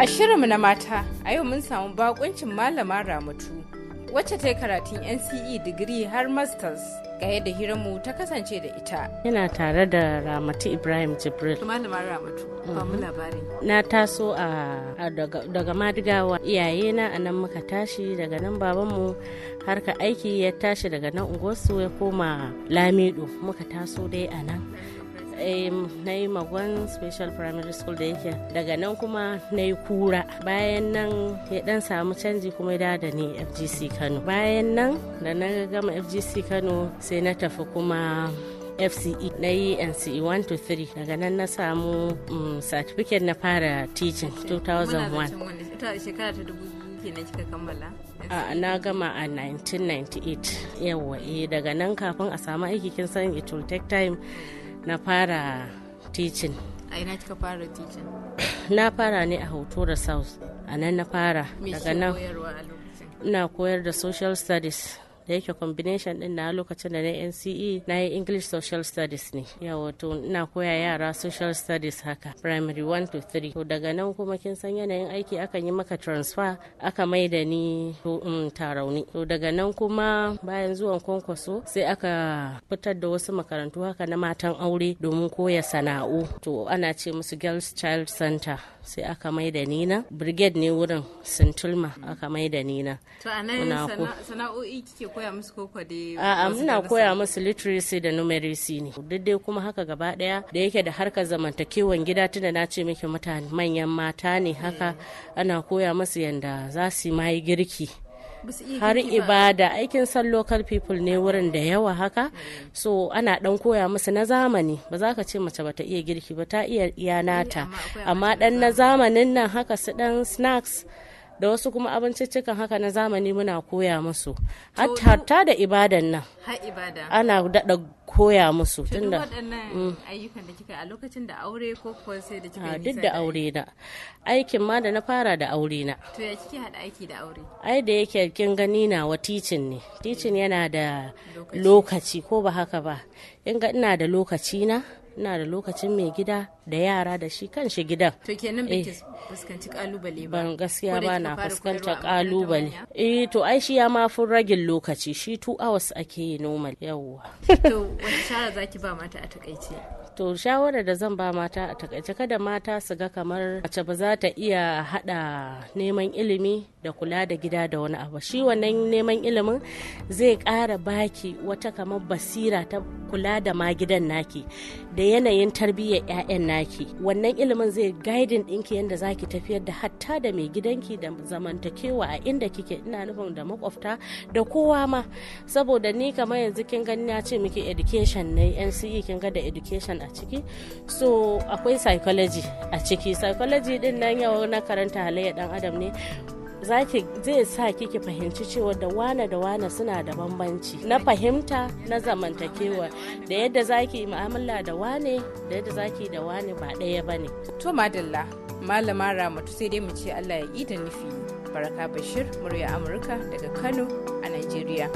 A shirinmu na mata, a yau mun samu bakuncin malama Ramatu, wacce ta yi karatun NCE digiri har masters ga yadda hiranmu ta kasance da ita. Yana tare da Ramatu Ibrahim Jibril. Malama Ramatu, ba mhm. labari. Na taso a daga Madigawa, iyayena a nan muka tashi daga nan babanmu harka aiki ya tashi daga nan Ungosu ya koma Lamido muka taso dai a nan. Eh, na yi magwan special primary school da yake daga nan kuma na yi kura bayan nan ya dan samu canji kuma ya da ni fgc kano bayan nan da na gama fgc kano sai na tafi kuma fce na yi nce 1 to 3 daga nan na samu um, certificate na fara teaching 2001 A na gama a 1998 yawa eh, daga nan kafin a samu aiki kin san it will take time na fara teaching a ina kika fara teaching na fara ne a hotora south a nan na fara daga nan na koyar da social studies da yake combination din na lokacin da na NCE na yi English Social Studies ne Ya wato ina koya yara Social Studies haka primary 1 to 3 to daga nan kuma kin san yanayin aiki akan yi maka transfer aka mai da ni mm, tarauni to daga nan kuma bayan zuwan kwankwaso sai aka fitar da wasu makarantu haka na matan aure domin koya sana'u to ana ce musu girls child center sai aka mai da nina brigade ne wurin sintulma aka mai da nina to anan sana'o'i kike koya musu koko dai a'a muna koya musu literacy da numeracy ne duk dai kuma haka gaba daya da yake da harkar zamantakewan gida tunda na ce miki mutane manyan mata ne haka hmm. ana koya musu yanda za su yi girki har ibada aikin san local people ne wurin da yawa haka hmm. so ana dan koya musu na zamani ba za ka ce mace bata iya girki ba ta iya iya amma dan na zamanin nan haka su dan snacks da wasu kuma abinciccikan haka na zamani muna koya musu hatta da ibadan nan ana daɗa koya musu tun da mm. ayyukan da kika a lokacin da aure ko kuwa sai da kika ah, duk da aure na aikin ma da na fara da aure na to ya kike hada aiki da aure ai da yake kin gani na wa ticin ne ticin mm. yana da lokaci ko ba haka ba in ga ina da lokaci na ina da lokacin mai gida da yara da shi kan shi gidan to kenan bai eh. fuskanci kalubale ba ban gaskiya ba na fuskanta kalubale eh to ai shi ya ma fun ragin lokaci shi 2 hours ake yi normal yawwa to wata shara zaki ba mata a takaice to shawarar da zan ba mata a takaice kada mata su ga kamar mace ba za ta iya hada neman ilimi da kula da gida da wani abu shi wannan neman ilimin zai ƙara baki wata kamar basira ta kula da ma gidan naki da yanayin tarbiyyar 'ya'yan naki wannan ilimin zai gaidin ɗinki yadda zaki ki tafiyar da hatta da mai gidanki da zamantakewa a inda kike ina nufin da makwabta da kowa ma saboda ni kamar yanzu kin gani na ce miki education ne nce kin ga da education a ciki so akwai psychology a ciki psychology din nan yau na karanta halayya dan adam ne zai sa kike fahimci cewa da wane da wane suna da bambanci na fahimta na zamantakewa da yadda zaki mu'amala da wane da yadda zaki da wane ba ɗaya bane to madalla malama ramatu sai dai mu ce Allah ya yi da nufi baraka bashir murya amurka daga kano a nigeria